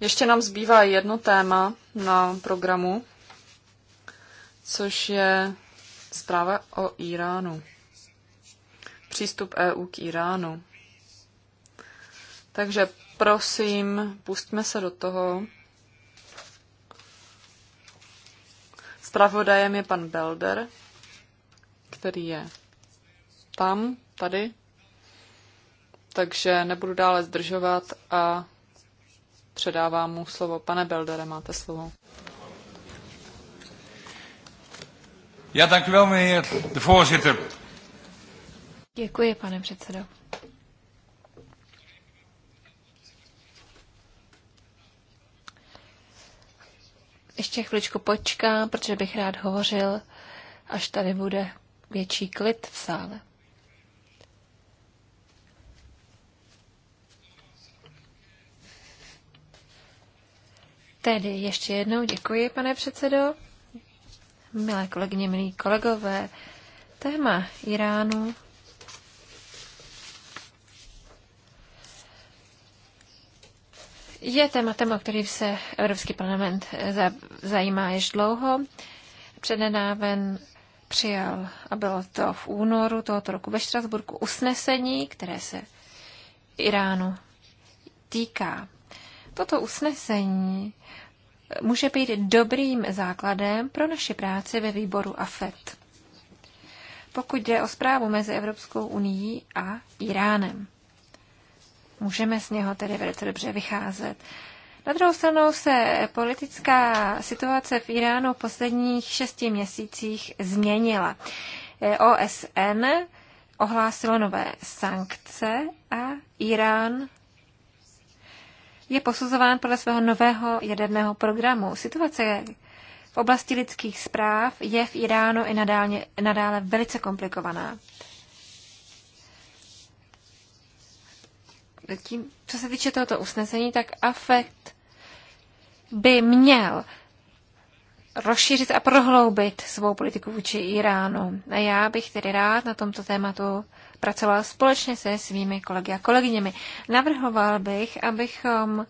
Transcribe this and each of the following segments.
Ještě nám zbývá jedno téma na programu, což je zpráva o Iránu. Přístup EU k Iránu. Takže prosím, pustme se do toho. Spravodajem je pan Belder, který je tam, tady, takže nebudu dále zdržovat a předávám mu slovo. Pane Beldere, máte slovo. Já tak velmi, wel, voorzitter. Děkuji, pane předsedo. Ještě chviličku počkám, protože bych rád hovořil, až tady bude větší klid v sále. Tedy ještě jednou děkuji, pane předsedo. Milé kolegyně, milí kolegové, téma Iránu je tématem, o který se Evropský parlament zajímá již dlouho. Přednedáven přijal, a bylo to v únoru tohoto roku ve Štrasburku, usnesení, které se Iránu týká. Toto usnesení může být dobrým základem pro naši práci ve výboru AFET, pokud jde o zprávu mezi Evropskou unii a Iránem. Můžeme z něho tedy velice dobře vycházet. Na druhou stranu se politická situace v Iránu v posledních šesti měsících změnila. OSN ohlásilo nové sankce a Irán je posuzován podle svého nového jaderného programu. Situace v oblasti lidských zpráv je v Iránu i nadále, nadále velice komplikovaná. Tím, co se týče tohoto usnesení, tak afekt by měl rozšířit a prohloubit svou politiku vůči Iránu. A já bych tedy rád na tomto tématu pracoval společně se svými kolegy a kolegyněmi. Navrhoval bych, abychom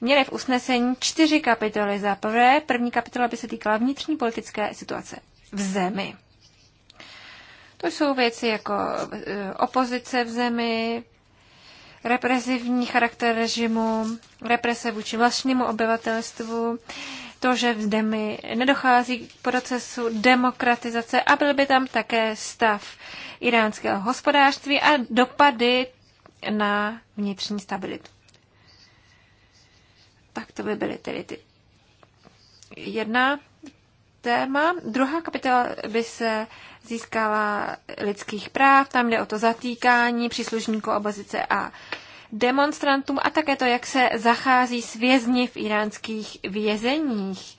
měli v usnesení čtyři kapitoly. Za prvé, první kapitola by se týkala vnitřní politické situace v zemi. To jsou věci jako eh, opozice v zemi, represivní charakter režimu, represe vůči vlastnímu obyvatelstvu, to, že v mi nedochází k procesu demokratizace a byl by tam také stav iránského hospodářství a dopady na vnitřní stabilitu. Tak to by byly tedy ty jedna téma. Druhá kapitola by se získala lidských práv, tam jde o to zatýkání příslušníků opozice a demonstrantům a také to, jak se zachází s vězni v iránských vězeních.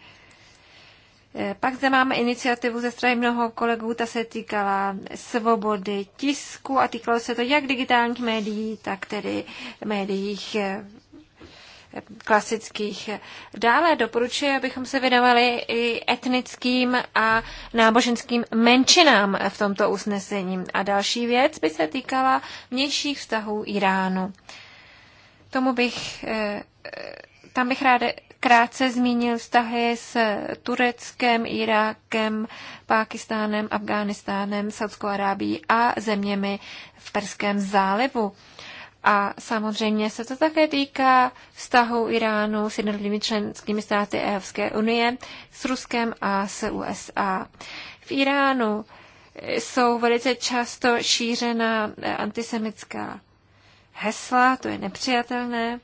Eh, pak zde máme iniciativu ze strany mnoho kolegů, ta se týkala svobody tisku a týkalo se to jak digitálních médií, tak tedy médiích eh, klasických. Dále doporučuji, abychom se věnovali i etnickým a náboženským menšinám v tomto usnesení. A další věc by se týkala vnějších vztahů Iránu. Tomu bych, eh, eh, tam bych ráda krátce zmínil vztahy s Tureckem, Irákem, Pákistánem, Afghánistánem, Saudskou Arábí a zeměmi v Perském zálivu. A samozřejmě se to také týká vztahu Iránu s jednotlivými členskými státy Evropské unie, s Ruskem a s USA. V Iránu eh, jsou velice často šířena eh, antisemická hesla, to je nepřijatelné.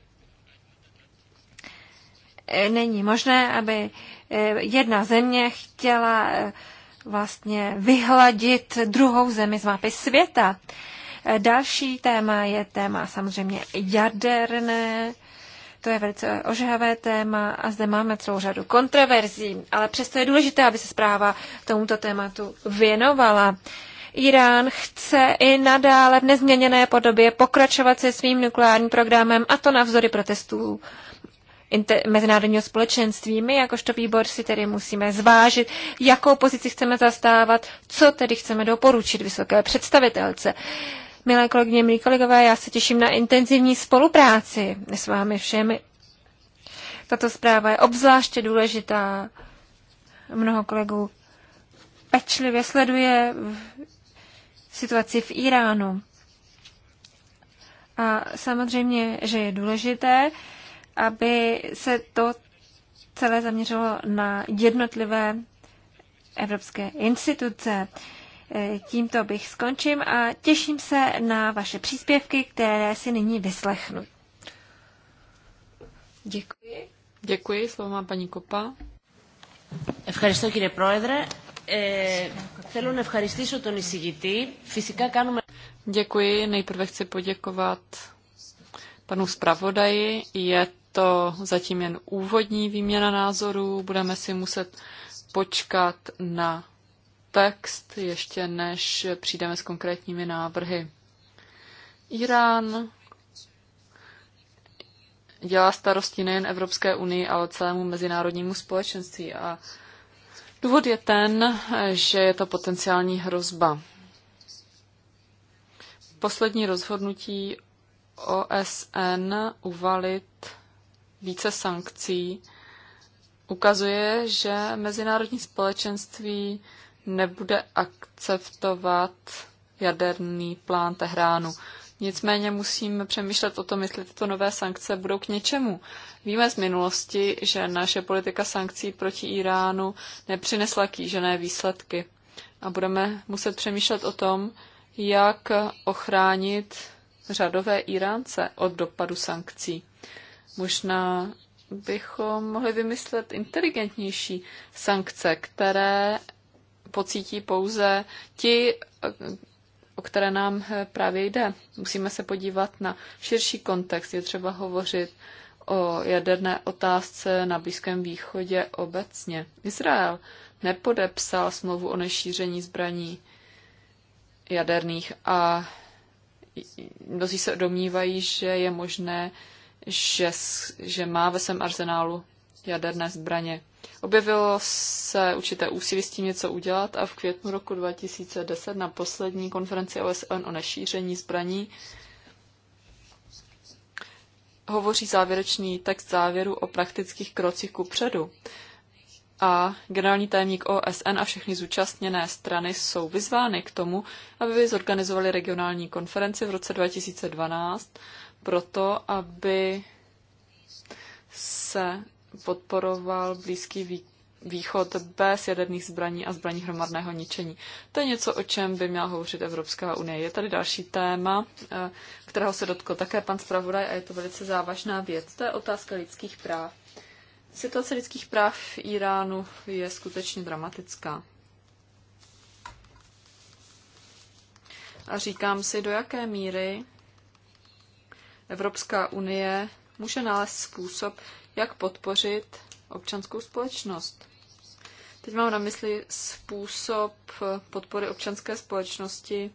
Eh, není možné, aby jedna země chtěla vlastně vyhladit druhou zemi z mapy světa. Další téma je téma samozřejmě jaderné. To je velice ožehavé téma a zde máme celou řadu kontroverzí, ale přesto je důležité, aby se zpráva tomuto tématu věnovala. Irán chce i nadále v nezměněné podobě pokračovat se svým nukleárním programem a to vzory protestů mezinárodního společenství. My jakožto výbor si tedy musíme zvážit, jakou pozici chceme zastávat, co tedy chceme doporučit vysoké představitelce. Uh, Milé kolegyně, milí kolegové, já se těším na intenzivní spolupráci s vámi všemi. Tato zpráva je obzvláště důležitá. Mnoho kolegů pečlivě sleduje situaci v Iránu. A samozřejmě, že je důležité, aby se to celé zaměřilo na jednotlivé evropské instituce. Tímto bych skončím a těším se na vaše příspěvky, které si nyní vyslechnu. Děkuji. Děkuji, slovo má paní Kopa. Ευχαριστώ κύριε Πρόεδρε. Ε, θέλω να ευχαριστήσω τον εισηγητή. Φυσικά κάνουμε... Děkuji. Nejprve chci poděkovat panu zpravodaji. Je to zatím jen úvodní výměna názorů. Budeme si muset počkat na text, ještě než přijdeme s konkrétními návrhy. Irán dělá starosti nejen Evropské unii, ale celému mezinárodnímu společenství. A důvod je ten, že je to potenciální hrozba. Poslední rozhodnutí OSN uvalit více sankcí ukazuje, že mezinárodní společenství nebude akceptovat jaderný plán Tehránu. Nicméně musíme přemýšlet o tom, jestli tyto nové sankce budou k něčemu. Víme z minulosti, že naše politika sankcí proti Iránu nepřinesla kýžené výsledky. A budeme muset přemýšlet o tom, jak ochránit řadové Iránce od dopadu sankcí. Možná bychom mohli vymyslet inteligentnější sankce, které pocítí pouze ti, o které nám právě jde. Musíme se podívat na širší kontext. Je třeba hovořit o jaderné otázce na Blízkém východě obecně. Izrael nepodepsal smlouvu o nešíření zbraní jaderných a mnozí se domnívají, že je možné, že, že má ve svém arzenálu jaderné zbraně. Objevilo se určité úsilí s tím něco udělat a v květnu roku 2010 na poslední konferenci OSN o nešíření zbraní hovoří závěrečný text závěru o praktických krocích ku předu. A generální tajemník OSN a všechny zúčastněné strany jsou vyzvány k tomu, aby zorganizovali regionální konferenci v roce 2012 proto, aby se podporoval Blízký východ bez jaderných zbraní a zbraní hromadného ničení. To je něco, o čem by měla hovořit Evropská unie. Je tady další téma, eh, kterého se dotkl také pan zpravodaj a je to velice závažná věc. To je otázka lidských práv. Situace lidských práv v Iránu je skutečně dramatická. A říkám si, do jaké míry Evropská unie může nalézt způsob, jak podpořit občanskou společnost. Teď mám na mysli způsob podpory občanské společnosti,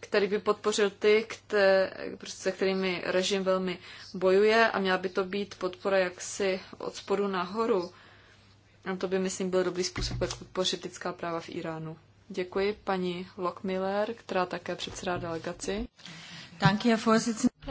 který by podpořil ty, kte, prostě se kterými režim velmi bojuje a měla by to být podpora jaksi od spodu nahoru. A to by, myslím, byl dobrý způsob, jak podpořit lidská práva v Iránu. Děkuji paní Lockmiller, která také předsedá delegaci.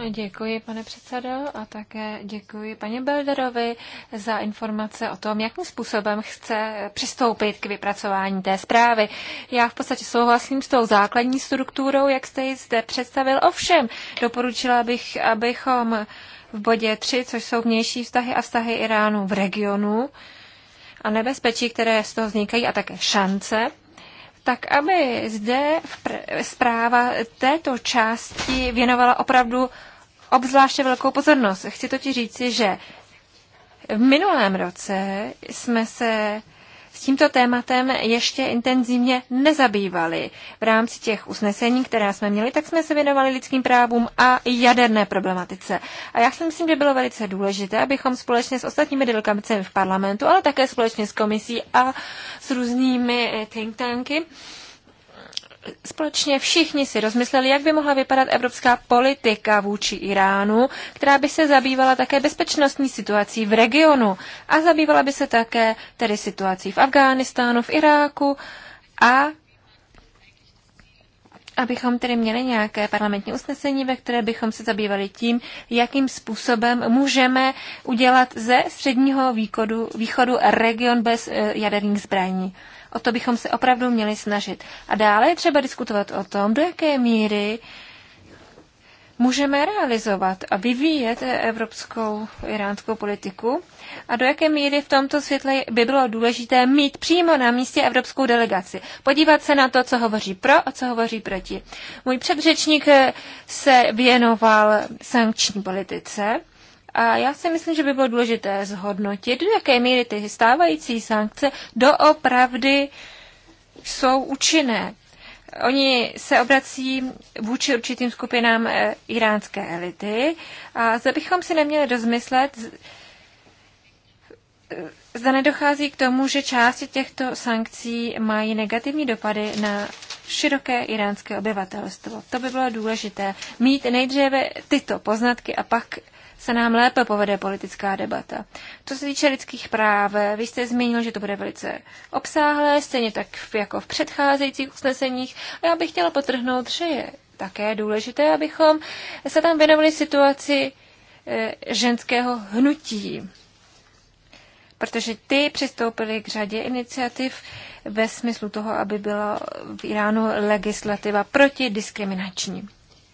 Děkuji, pane předsedo, a také děkuji paní Belderovi za informace o tom, jakým způsobem chce přistoupit k vypracování té zprávy. Já v podstatě souhlasím s tou základní strukturou, jak jste ji zde představil. Ovšem, doporučila bych, abychom v bodě 3, což jsou vnější vztahy a vztahy Iránu v regionu, a nebezpečí, které z toho vznikají, a také šance, tak aby zde zpráva této části věnovala opravdu obzvláště velkou pozornost. Chci totiž říci, že v minulém roce jsme se s tímto tématem ještě intenzivně nezabývali. V rámci těch usnesení, která jsme měli, tak jsme se věnovali lidským právům a jaderné problematice. A já si myslím, že bylo velice důležité, abychom společně s ostatními delegacemi v parlamentu, ale také společně s komisí a s různými eh, think tanky, společně všichni si rozmysleli, jak by mohla vypadat evropská politika vůči Iránu, která by se zabývala také bezpečnostní situací v regionu a zabývala by se také tedy situací v Afghánistánu, v Iráku a abychom tedy měli nějaké parlamentní usnesení, ve které bychom se zabývali tím, jakým způsobem můžeme udělat ze středního východu, východu region bez eh, jaderných zbraní. O to bychom se opravdu měli snažit. A dále je třeba diskutovat o tom, do jaké míry můžeme realizovat a vyvíjet evropskou iránskou politiku a do jaké míry v tomto světle by bylo důležité mít přímo na místě evropskou delegaci. Podívat se na to, co hovoří pro a co hovoří proti. Můj předřečník se věnoval sankční politice a já si myslím, že by bylo důležité zhodnotit, do jaké míry ty stávající sankce doopravdy jsou účinné. Oni se obrací vůči určitým skupinám eh, iránské elity a zde bychom si neměli dozmyslet, eh, zda nedochází k tomu, že části těchto sankcí mají negativní dopady na široké iránské obyvatelstvo. To by bylo důležité. Mít nejdříve tyto poznatky a pak se nám lépe povede politická debata. Co se týče lidských práv, vy jste zmínil, že to bude velice obsáhlé, stejně tak jako v předcházejících usneseních. A já bych chtěla potrhnout, že je také důležité, abychom se tam věnovali situaci eh, ženského hnutí protože ty přistoupily k řadě iniciativ ve smyslu toho, aby byla v Iránu legislativa proti diskriminační.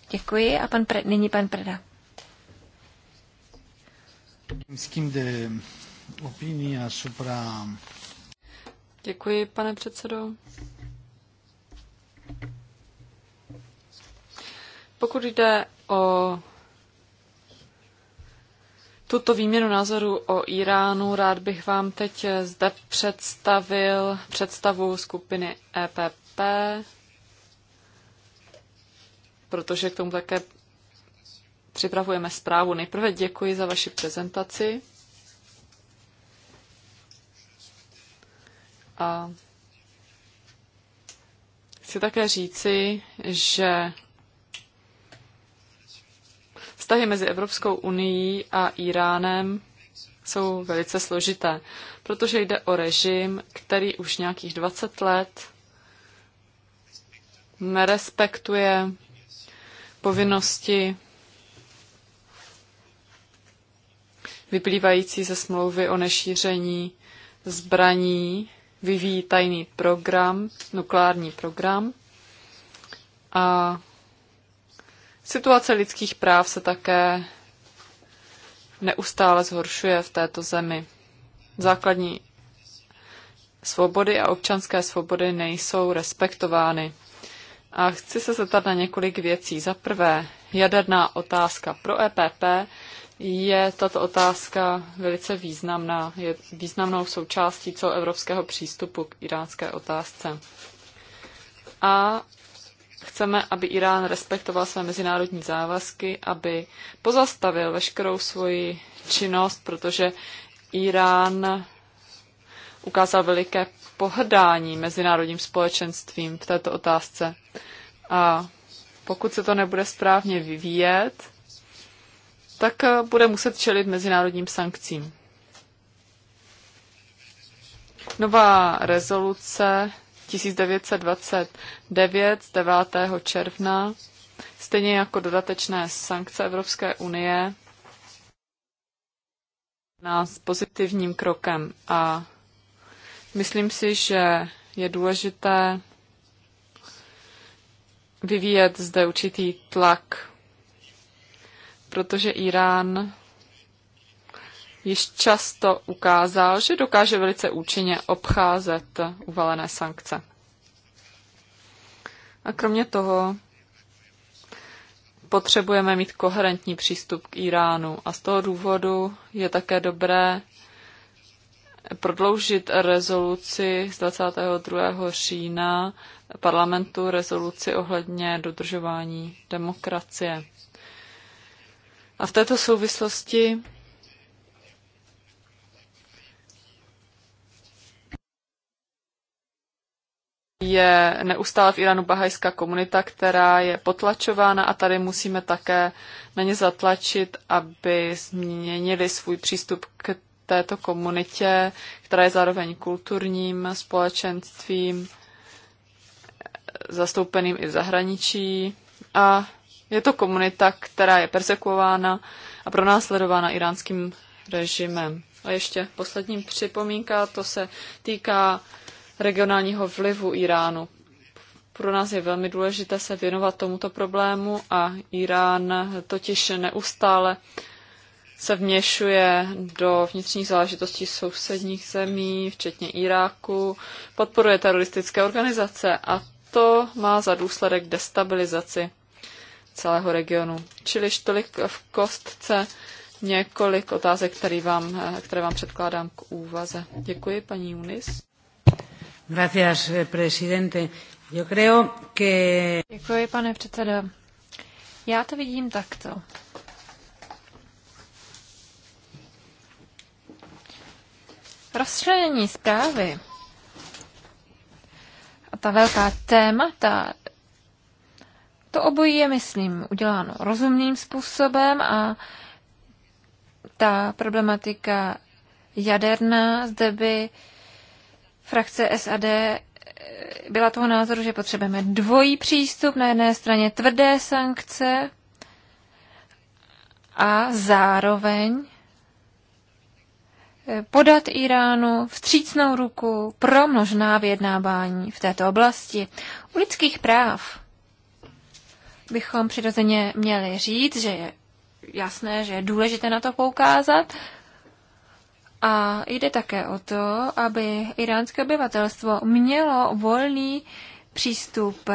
Děkuji a pan pre, nyní pan Preda. Děkuji, pane předsedo. Pokud jde o tuto výměnu názoru o Iránu, rád bych vám teď zde představil představu skupiny EPP, protože k tomu také připravujeme zprávu. Nejprve děkuji za vaši prezentaci. A chci také říci, že vztahy mezi Evropskou unii a Iránem jsou velice složité, protože jde o režim, který už nějakých 20 let nerespektuje povinnosti vyplývající ze smlouvy o nešíření zbraní vyvíjí tajný program, nukleární program. A situace lidských práv se také neustále zhoršuje v této zemi. Základní svobody a občanské svobody nejsou respektovány. A chci se zeptat na několik věcí. Za prvé, jaderná otázka pro EPP je tato otázka velice významná. Je významnou součástí celoevropského přístupu k iránské otázce. A chceme, aby Irán respektoval své mezinárodní závazky, aby pozastavil veškerou svoji činnost, protože Irán ukázal veliké pohrdání mezinárodním společenstvím v této otázce. A pokud se to nebude správně vyvíjet, tak eh, bude muset čelit mezinárodním sankcím. Nová rezoluce 1929 z 9. června, stejně jako dodatečné sankce Evropské unie, nás pozitivním krokem a myslím si, že je důležité vyvíjet zde určitý tlak protože Irán již často ukázal, že dokáže velice účinně obcházet uvalené sankce. A kromě toho potřebujeme mít koherentní přístup k Iránu a z toho důvodu je také dobré prodloužit rezoluci z 22. října parlamentu rezoluci ohledně dodržování demokracie. A v této souvislosti je neustále v Iránu bahajská komunita, která je potlačována a tady musíme také na ně zatlačit, aby změnili svůj přístup k této komunitě, která je zároveň kulturním společenstvím, zastoupeným i v zahraničí a je to komunita, která je persekuována a pronásledována iránským režimem. A ještě poslední připomínka, to se týká regionálního vlivu Iránu. Pro nás je velmi důležité se věnovat tomuto problému a Irán totiž neustále se vměšuje do vnitřních záležitostí sousedních zemí, včetně Iráku, podporuje teroristické organizace a to má za důsledek destabilizaci celého regionu. Čiliž tolik v kostce několik otázek, které vám, které vám předkládám k úvaze. Děkuji, paní Junis. Gracias, presidente. Yo creo que... Děkuji, pane předsedo. Já to vidím takto. Rozšlenění zprávy a ta velká témata, to obojí je, myslím, uděláno rozumným způsobem a ta problematika jaderná zde by frakce SAD eh, byla toho názoru, že potřebujeme dvojí přístup, na jedné straně tvrdé sankce a zároveň eh, podat Iránu vstřícnou ruku pro množná vyjednávání v této oblasti. U lidských práv bychom přirozeně měli říct, že je jasné, že je důležité na to poukázat. A jde také o to, aby iránské obyvatelstvo mělo volný přístup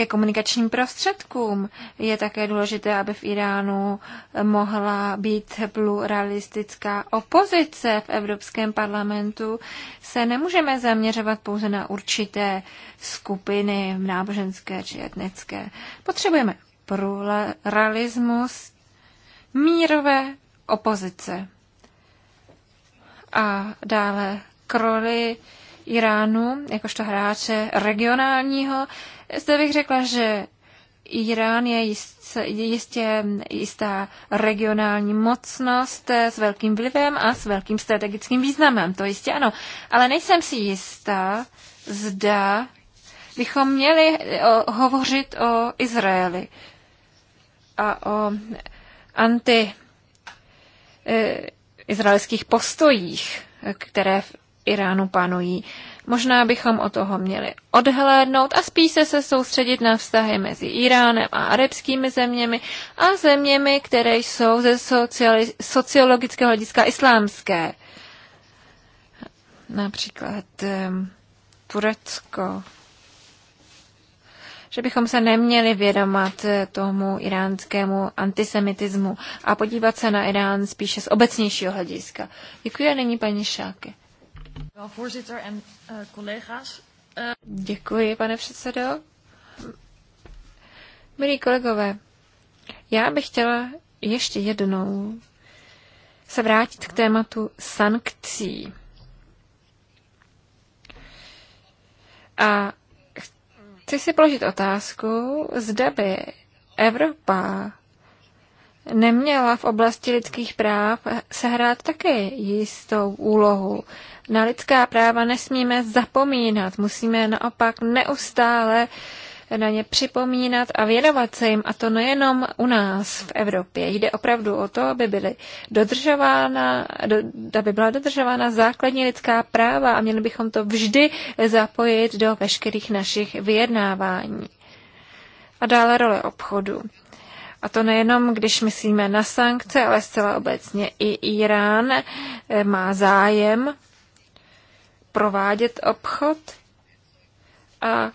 ke komunikačním prostředkům. Je také důležité, aby v Iránu mohla být pluralistická opozice v Evropském parlamentu. Se nemůžeme zaměřovat pouze na určité skupiny náboženské či etnické. Potřebujeme pluralismus mírové opozice. A dále k roli Iránu, jakožto hráče regionálního. Zde bych řekla, že Irán je jistě, jistě jistá regionální mocnost s velkým vlivem a s velkým strategickým významem, to jistě ano. Ale nejsem si jistá, zda bychom měli eh, o, hovořit o Izraeli a o anti eh, izraelských postojích, které Iránu panují. Možná bychom o toho měli odhlédnout a spíše se soustředit na vztahy mezi Iránem a arabskými zeměmi a zeměmi, které jsou ze sociali- sociologického hlediska islámské. Například Turecko. Že bychom se neměli vědomat eh, tomu iránskému antisemitismu a podívat se na Irán spíše z obecnějšího hlediska. Děkuji a nyní paní Šáke. Eh, eh, Děkuji, pane předsedo. Milí kolegové, já bych chtěla ještě jednou se vrátit k tématu sankcí. A chci si položit otázku, zda by Evropa neměla v oblasti lidských práv sehrát také jistou úlohu. Na lidská práva nesmíme zapomínat, musíme naopak neustále na ně připomínat a věnovat se jim, a to nejenom u nás v Evropě. Jde opravdu o to, aby, byly dodržována, do, aby byla dodržována základní lidská práva a měli bychom to vždy zapojit do veškerých našich vyjednávání. A dále role obchodu. A to nejenom, když myslíme na sankce, ale zcela obecně i Irán eh, má zájem provádět obchod a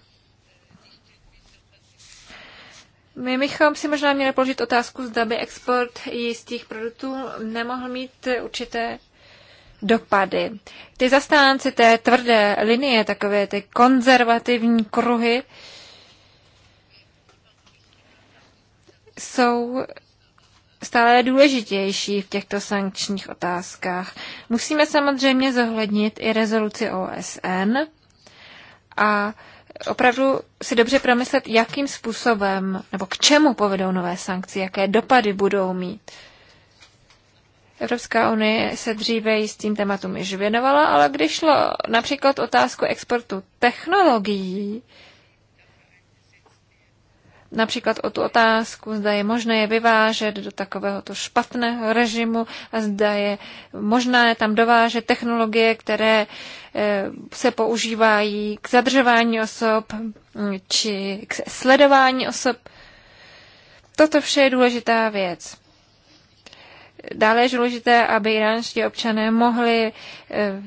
my bychom si možná měli položit otázku, zda by export jistých produktů nemohl mít určité dopady. Ty zastánci té tvrdé linie, takové ty konzervativní kruhy, jsou stále důležitější v těchto sankčních otázkách. Musíme samozřejmě zohlednit i rezoluci OSN a opravdu si dobře promyslet, jakým způsobem nebo k čemu povedou nové sankce, jaké dopady budou mít. Evropská unie se dříve tím tématům již věnovala, ale když šlo například otázku exportu technologií, například o tu otázku, zda je možné je vyvážet do takovéhoto špatného režimu a zda je možné tam dovážet technologie, které eh, se používají k zadržování osob mm, či k sledování osob. Toto vše je důležitá věc. Dále je důležité, aby iránští občané mohli eh,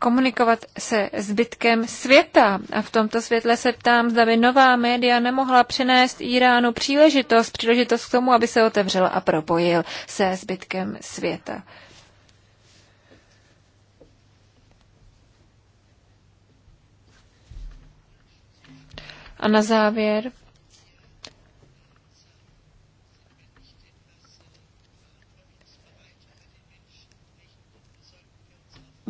komunikovat se zbytkem světa. A v tomto světle se ptám, zda by nová média nemohla přinést Iránu příležitost, příležitost k tomu, aby se otevřel a propojil se zbytkem světa. A na závěr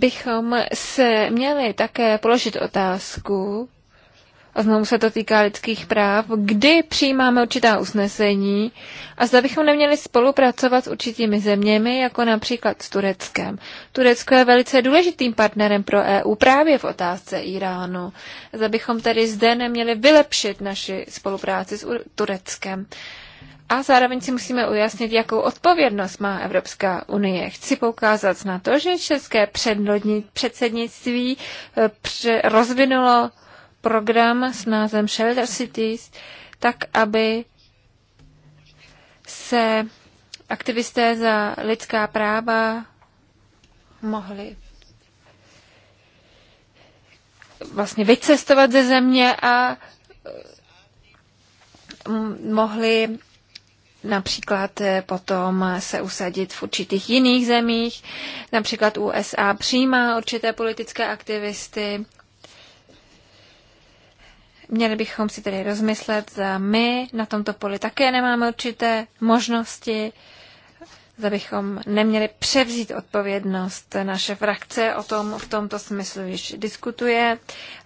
bychom se měli také položit otázku, a znovu se to týká lidských práv, kdy přijímáme určitá usnesení a zda bychom neměli spolupracovat s určitými zeměmi, jako například s Tureckem. Turecko je velice důležitým partnerem pro EU právě v otázce Iránu. Zda bychom tedy zde neměli vylepšit naši spolupráci s Tureckem. A zároveň si musíme ujasnit, jakou odpovědnost má Evropská unie. Chci poukázat na to, že české předsednictví eh, rozvinulo program s názvem Shelter Cities, tak aby se aktivisté za lidská práva mohli vlastně vycestovat ze země a eh, mohli například eh, potom se usadit v určitých jiných zemích. Například USA přijímá určité politické aktivisty. Měli bychom si tedy rozmyslet, že my na tomto poli také nemáme určité možnosti, že bychom neměli převzít odpovědnost. Naše frakce o tom v tomto smyslu již diskutuje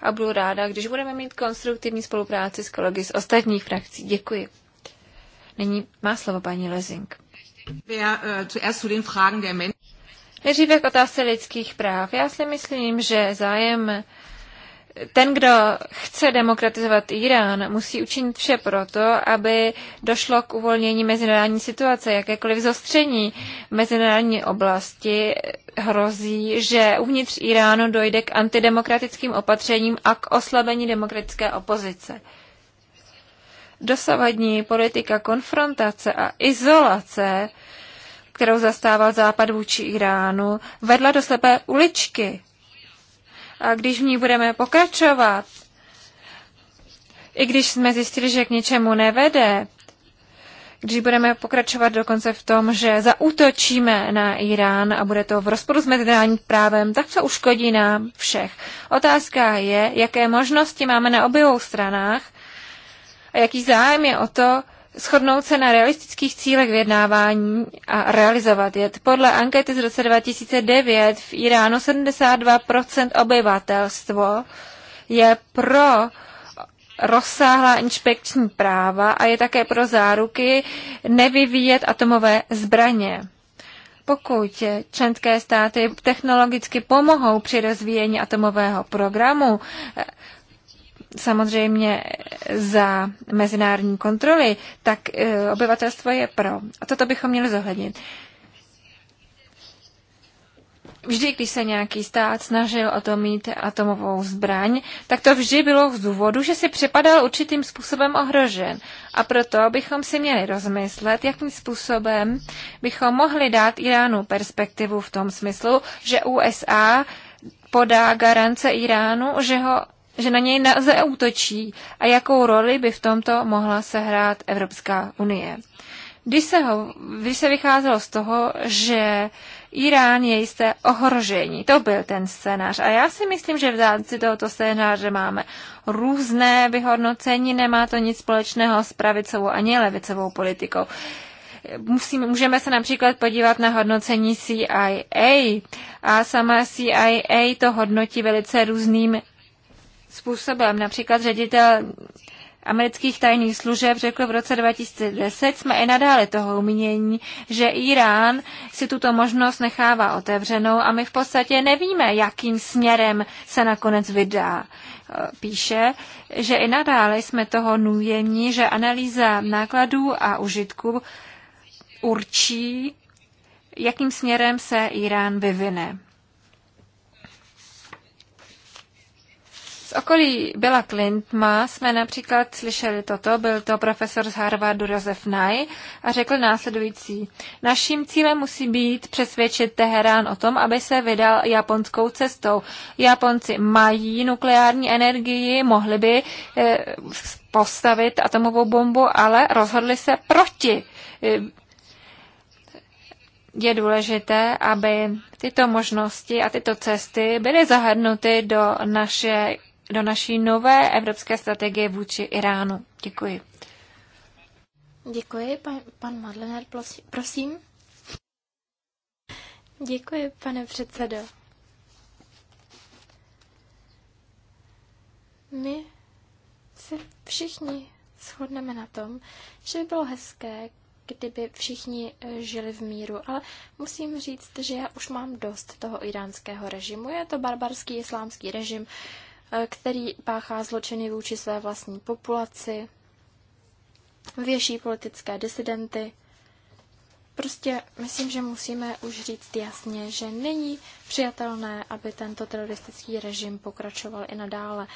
a budu ráda, když budeme mít konstruktivní spolupráci s kolegy z ostatních frakcí. Děkuji. Nyní má slovo paní Lezing. Äh, Nejdříve k otázce lidských práv. Já si myslím, že zájem ten, kdo chce demokratizovat Irán, musí učinit vše proto, aby došlo k uvolnění mezinárodní situace. Jakékoliv zostření mezinárodní oblasti hrozí, že uvnitř Iránu dojde k antidemokratickým opatřením a k oslabení demokratické opozice dosavadní politika konfrontace a izolace, kterou zastával Západ vůči Iránu, vedla do slepé uličky. A když v ní budeme pokračovat, i když jsme zjistili, že k ničemu nevede, když budeme pokračovat dokonce v tom, že zaútočíme na Irán a bude to v rozporu s mezinárodním právem, tak to uškodí nám všech. Otázka je, jaké možnosti máme na obou stranách, a jaký zájem je o to, shodnout se na realistických cílech vyjednávání a realizovat je. Podle ankety z roce 2009 v Iránu 72% obyvatelstvo je pro rozsáhlá inspekční práva a je také pro záruky nevyvíjet atomové zbraně. Pokud členské státy technologicky pomohou při rozvíjení atomového programu, samozřejmě za mezinárodní kontroly, tak eh, obyvatelstvo je pro. A toto bychom měli zohlednit. Vždy, když se nějaký stát snažil o to mít atomovou zbraň, tak to vždy bylo z důvodu, že si připadal určitým způsobem ohrožen. A proto bychom si měli rozmyslet, jakým způsobem bychom mohli dát Iránu perspektivu v tom smyslu, že USA podá garance Iránu, že ho že na něj útočí a jakou roli by v tomto mohla sehrát Evropská unie. Když se, ho, když se vycházelo z toho, že Irán je jisté ohrožení, to byl ten scénář. A já si myslím, že v rámci tohoto scénáře máme různé vyhodnocení, nemá to nic společného s pravicovou ani levicovou politikou. Musíme, můžeme se například podívat na hodnocení CIA a sama CIA to hodnotí velice různým způsobem. Například ředitel amerických tajných služeb řekl v roce 2010, jsme i nadále toho umění, že Irán si tuto možnost nechává otevřenou a my v podstatě nevíme, jakým směrem se nakonec vydá. E, píše, že i nadále jsme toho nůjemní, že analýza nákladů a užitku určí, jakým směrem se Irán vyvine. okolí byla Clintma jsme například slyšeli toto, byl to profesor z Harvardu Josef Nye a řekl následující. Naším cílem musí být přesvědčit Teherán o tom, aby se vydal japonskou cestou. Japonci mají nukleární energii, mohli by eh, postavit atomovou bombu, ale rozhodli se proti. Eh, je důležité, aby tyto možnosti a tyto cesty byly zahrnuty do naše do naší nové evropské strategie vůči Iránu. Děkuji. Děkuji, pan, pan Madlener, prosím. Děkuji, pane předsedo. My se všichni shodneme na tom, že by bylo hezké, kdyby všichni eh, žili v míru, ale musím říct, že já už mám dost toho iránského režimu. Je to barbarský islámský režim, Eh, který páchá zločiny vůči své vlastní populaci, věší politické disidenty. Prostě myslím, že musíme už říct jasně, že není přijatelné, aby tento teroristický režim pokračoval i nadále.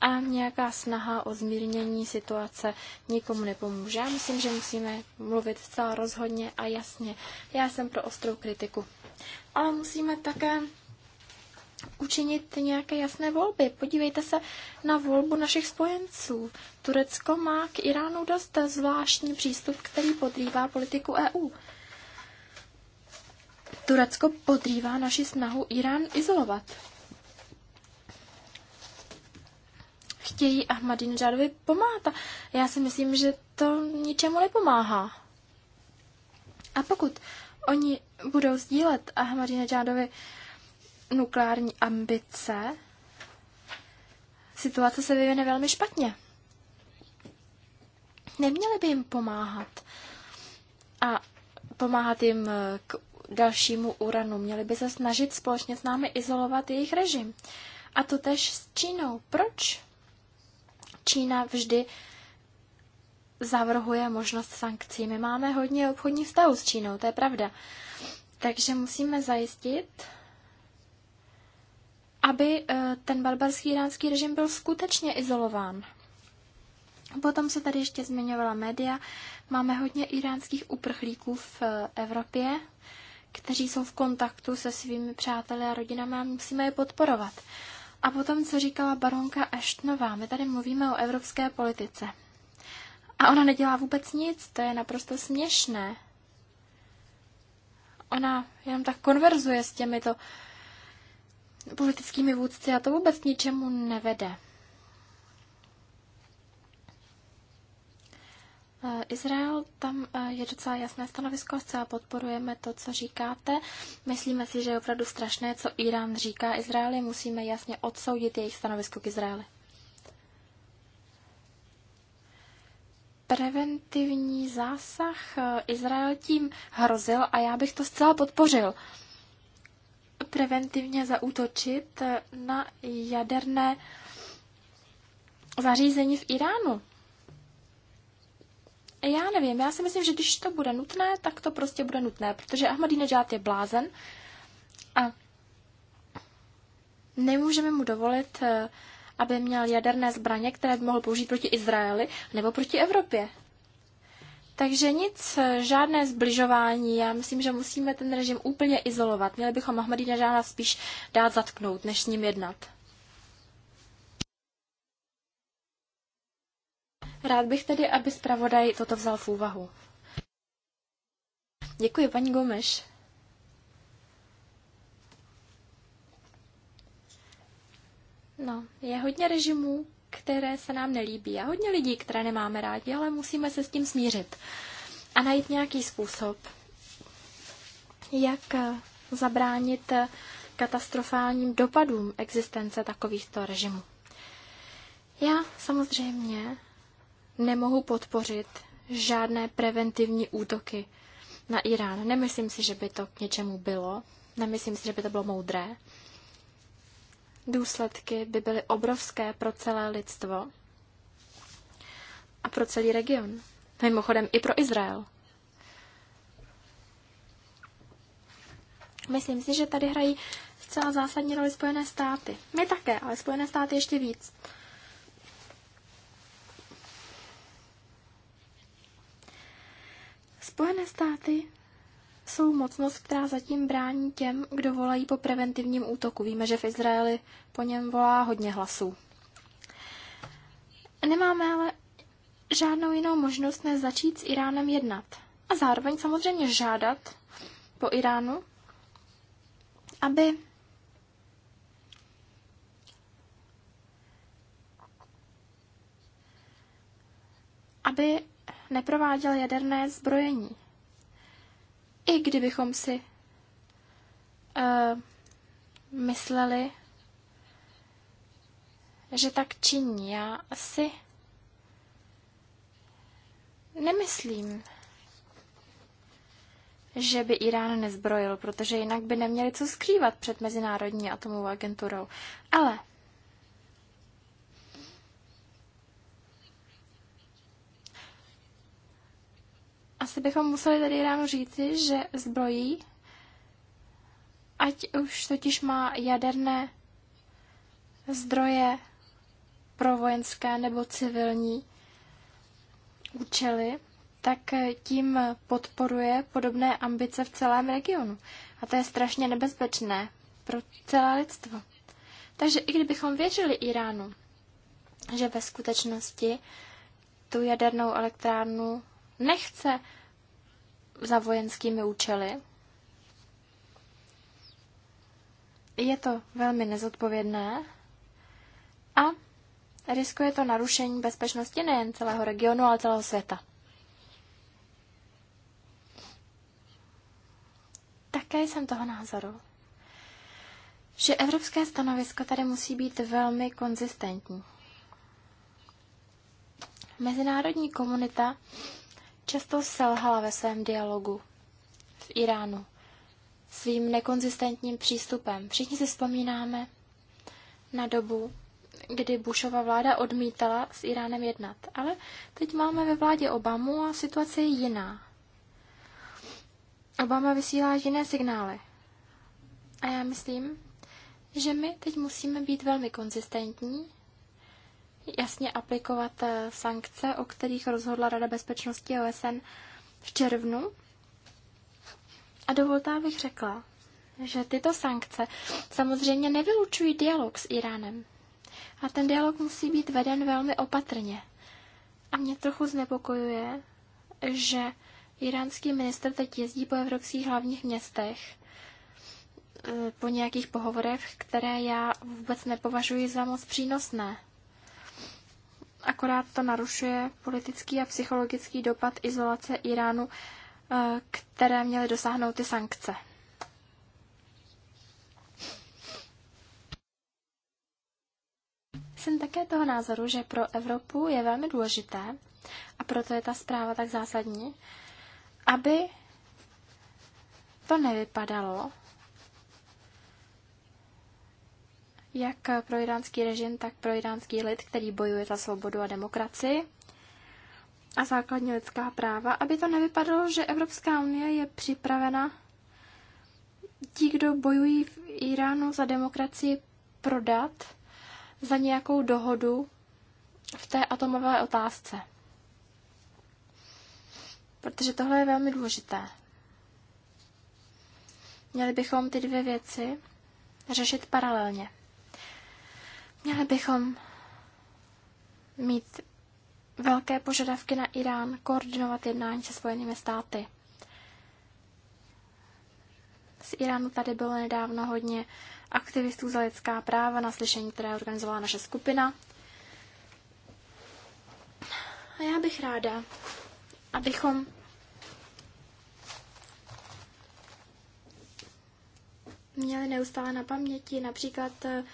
A nějaká snaha o zmírnění situace nikomu nepomůže. Já myslím, že musíme mluvit zcela rozhodně a jasně. Já jsem pro ostrou kritiku. Ale musíme také učinit nějaké jasné volby. Podívejte se na volbu našich spojenců. Turecko má k Iránu dost zvláštní přístup, který podrývá politiku EU. Turecko podrývá naši snahu Irán izolovat. Chtějí Ahmadinejadovi pomáhat. Já si myslím, že to ničemu nepomáhá. A pokud oni budou sdílet Ahmadinejadovi uh, nukleární ambice, situace se vyvine velmi špatně. Neměli by jim pomáhat a pomáhat jim k dalšímu uranu. Měli by se snažit společně s námi izolovat jejich režim. A to tež s Čínou. Proč? Čína vždy zavrhuje možnost sankcí. My máme hodně obchodních vztahů s Čínou, to je pravda. Takže musíme zajistit, aby eh, ten barbarský iránský režim byl skutečně izolován. Potom se tady ještě zmiňovala média. Máme hodně iránských uprchlíků v eh, Evropě, kteří jsou v kontaktu se svými přáteli a rodinami a musíme je podporovat. A potom, co říkala baronka Eštnová, my tady mluvíme o evropské politice. A ona nedělá vůbec nic, to je naprosto směšné. Ona jenom tak konverzuje s těmito politickými vůdci a to vůbec ničemu nevede. Eh, Izrael, tam eh, je docela jasné stanovisko, zcela podporujeme to, co říkáte. Myslíme si, že je opravdu strašné, co Irán říká Izraeli. Musíme jasně odsoudit jejich stanovisko k Izraeli. Preventivní zásah eh, Izrael tím hrozil a já bych to zcela podpořil preventivně zaútočit na jaderné zařízení v Iránu. Já nevím, já si myslím, že když to bude nutné, tak to prostě bude nutné, protože Ahmadinejad je blázen a nemůžeme mu dovolit, eh, aby měl jaderné zbraně, které by mohl použít proti Izraeli nebo proti Evropě. Takže nic, žádné zbližování. Já myslím, že musíme ten režim úplně izolovat. Měli bychom Ahmadinežáda spíš dát zatknout, než s ním jednat. Rád bych tedy, aby zpravodaj toto vzal v úvahu. Děkuji, paní Gomeš. No, je hodně režimů, které se nám nelíbí a hodně lidí, které nemáme rádi, ale musíme se s tím smířit a najít nějaký způsob, jak eh, zabránit eh, katastrofálním dopadům existence takovýchto režimů. Já samozřejmě nemohu podpořit žádné preventivní útoky na Irán. Nemyslím si, že by to k něčemu bylo. Nemyslím si, že by to bylo moudré. Důsledky by byly obrovské pro celé lidstvo a pro celý region. Mimochodem i pro Izrael. Myslím si, že tady hrají zcela zásadní roli Spojené státy. My také, ale Spojené státy ještě víc. Spojené státy jsou mocnost, která zatím brání těm, kdo volají po preventivním útoku. Víme, že v Izraeli po něm volá hodně hlasů. Nemáme ale žádnou jinou možnost, než začít s Iránem jednat. A zároveň samozřejmě žádat po Iránu, aby aby neprováděl jaderné zbrojení. I kdybychom si uh, mysleli, že tak činí, já asi nemyslím, že by Irán nezbrojil, protože jinak by neměli co skrývat před Mezinárodní atomovou agenturou. Ale asi bychom museli tady ráno říci, že zbrojí, ať už totiž má jaderné zdroje pro vojenské nebo civilní účely, tak tím podporuje podobné ambice v celém regionu. A to je strašně nebezpečné pro celé lidstvo. Takže i kdybychom věřili Iránu, že ve skutečnosti tu jadernou elektrárnu nechce za vojenskými účely. Je to velmi nezodpovědné a riskuje to narušení bezpečnosti nejen celého regionu, ale celého světa. Také jsem toho názoru, že evropské stanovisko tady musí být velmi konzistentní. Mezinárodní komunita často selhala ve svém dialogu v Iránu svým nekonzistentním přístupem. Všichni si vzpomínáme na dobu, kdy Bushova vláda odmítala s Iránem jednat. Ale teď máme ve vládě Obamu a situace je jiná. Obama vysílá jiné signály. A já myslím, že my teď musíme být velmi konzistentní jasně aplikovat eh, sankce, o kterých rozhodla Rada bezpečnosti OSN v červnu. A dovolte, abych řekla, že tyto sankce samozřejmě nevylučují dialog s Iránem. A ten dialog musí být veden velmi opatrně. A mě trochu znepokojuje, že iránský minister teď jezdí po evropských hlavních městech eh, po nějakých pohovorech, které já vůbec nepovažuji za moc přínosné akorát to narušuje politický a psychologický dopad izolace Iránu, eh, které měly dosáhnout ty sankce. Jsem také toho názoru, že pro Evropu je velmi důležité, a proto je ta zpráva tak zásadní, aby to nevypadalo, jak pro iránský režim, tak pro iránský lid, který bojuje za svobodu a demokracii a základní lidská práva, aby to nevypadalo, že Evropská unie je připravena ti, kdo bojují v Iránu za demokracii, prodat za nějakou dohodu v té atomové otázce. Protože tohle je velmi důležité. Měli bychom ty dvě věci řešit paralelně. Měli bychom mít velké požadavky na Irán koordinovat jednání se Spojenými státy. Z Iránu tady bylo nedávno hodně aktivistů za lidská práva na slyšení, které organizovala naše skupina. A já bych ráda, abychom měli neustále na paměti například eh,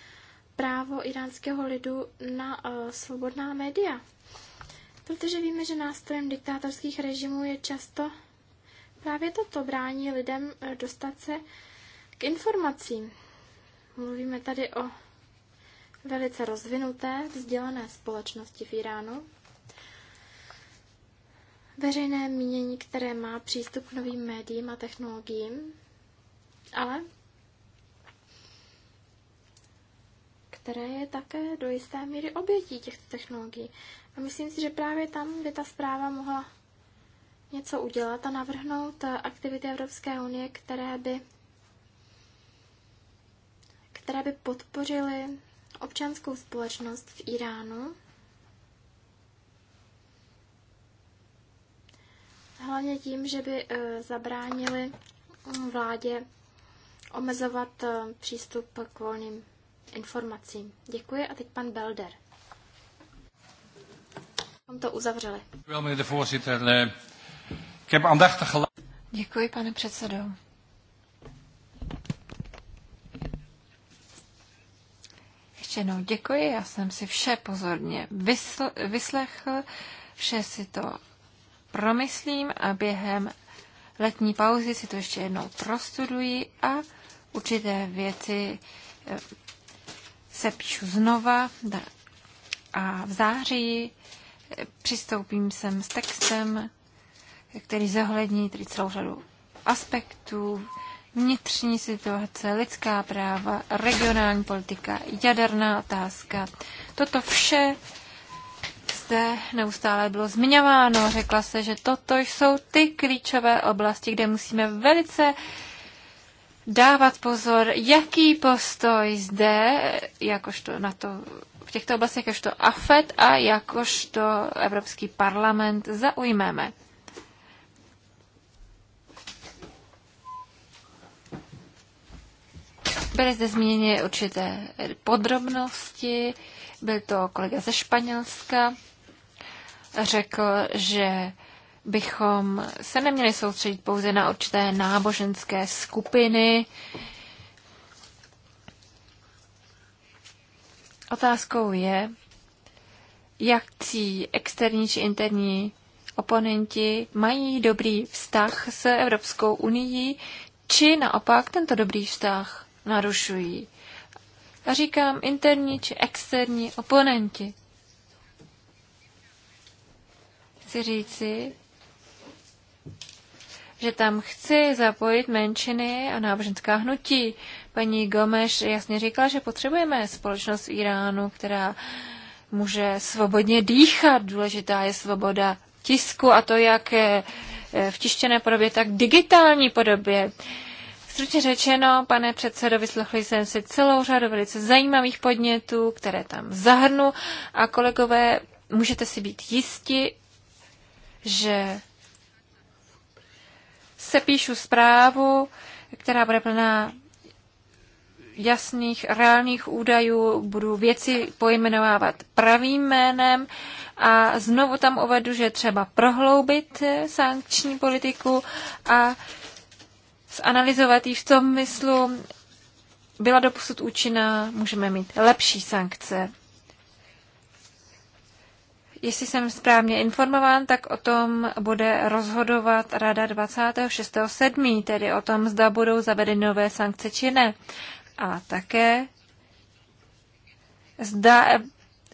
právo iránského lidu na eh, svobodná média. Protože víme, že nástrojem diktátorských režimů je často právě toto brání lidem eh, dostat se k informacím. Mluvíme tady o velice rozvinuté, vzdělané společnosti v Iránu. Veřejné mínění, které má přístup k novým médiím a technologiím, ale které je také do jisté míry obětí těchto technologií. A myslím si, že právě tam, by ta zpráva mohla něco udělat a navrhnout aktivity Evropské unie, které by, které by podpořily občanskou společnost v Iránu, hlavně tím, že by eh, zabránili vládě omezovat eh, přístup k volným informací. Děkuji a teď pan Belder. Vám to uzavřeli. Děkuji, pane předsedo. Ještě jednou děkuji, já jsem si vše pozorně vysl- vyslechl, vše si to promyslím a během letní pauzy si to ještě jednou prostuduji a určité věci se píšu znova a v září přistoupím sem s textem, který zohlední tedy celou řadu aspektů, vnitřní situace, lidská práva, regionální politika, jaderná otázka. Toto vše zde neustále bylo zmiňováno. Řekla se, že toto jsou ty klíčové oblasti, kde musíme velice dávat pozor, jaký postoj zde, jakožto na to v těchto oblastech jakožto AFET a jakožto Evropský parlament zaujmeme. Byly zde zmíněny určité podrobnosti. Byl to kolega ze Španělska. Řekl, že bychom se neměli soustředit pouze na určité náboženské skupiny. Otázkou je, jak jakcí externí či interní oponenti mají dobrý vztah s Evropskou unii, či naopak tento dobrý vztah narušují. A říkám interní či externí oponenti. Chci říci, že tam chci zapojit menšiny a náboženská hnutí. Paní Gomeš jasně říkala, že potřebujeme společnost v Iránu, která může svobodně dýchat. Důležitá je svoboda tisku a to jak eh, v tištěné podobě, tak digitální podobě. Stručně řečeno, pane předsedo, vyslechli jsem si celou řadu velice zajímavých podnětů, které tam zahrnu a kolegové, můžete si být jisti, že se píšu zprávu, která bude plná jasných, reálných údajů, budu věci pojmenovávat pravým jménem a znovu tam uvedu, že třeba prohloubit sankční politiku a zanalizovat ji v tom myslu, byla doposud účinná, můžeme mít lepší sankce jestli jsem správně informován, tak o tom bude rozhodovat Rada 26.7., tedy o tom, zda budou zavedeny nové sankce či ne. A také zda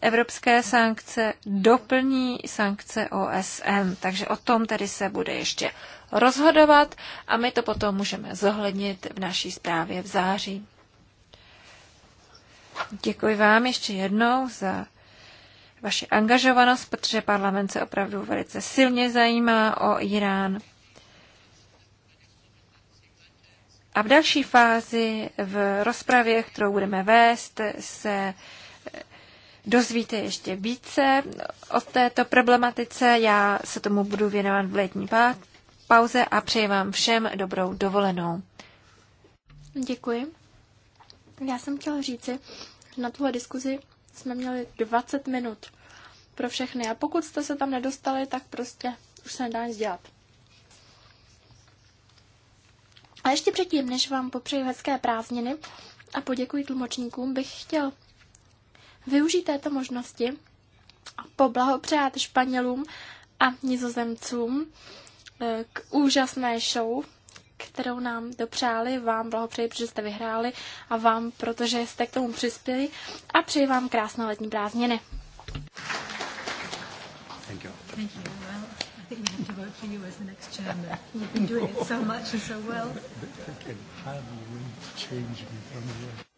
evropské sankce doplní sankce OSN. Takže o tom tedy se bude ještě rozhodovat a my to potom můžeme zohlednit v naší zprávě v září. Děkuji vám ještě jednou za vaši angažovanost, protože parlament se opravdu velice silně zajímá o Irán. A v další fázi v rozpravě, kterou budeme vést, se dozvíte ještě více o této problematice. Já se tomu budu věnovat v letní pauze a přeji vám všem dobrou dovolenou. Děkuji. Já jsem chtěla říci, že na tuhle diskuzi jsme měli 20 minut pro všechny a pokud jste se tam nedostali, tak prostě už se nedá nic dělat. A ještě předtím, než vám popřeju hezké prázdniny a poděkuji tlumočníkům, bych chtěl využít této možnosti a poblahopřát Španělům a Nizozemcům eh, k úžasné show, kterou nám dopřáli. Vám blahopřeji, protože jste vyhráli a vám, protože jste k tomu přispěli a přeji vám krásné letní prázdniny. Thank you. Thank you. Well, I think we have to vote for you as the next chairman. You've been doing it so much and so well. can hardly wait to change me from here.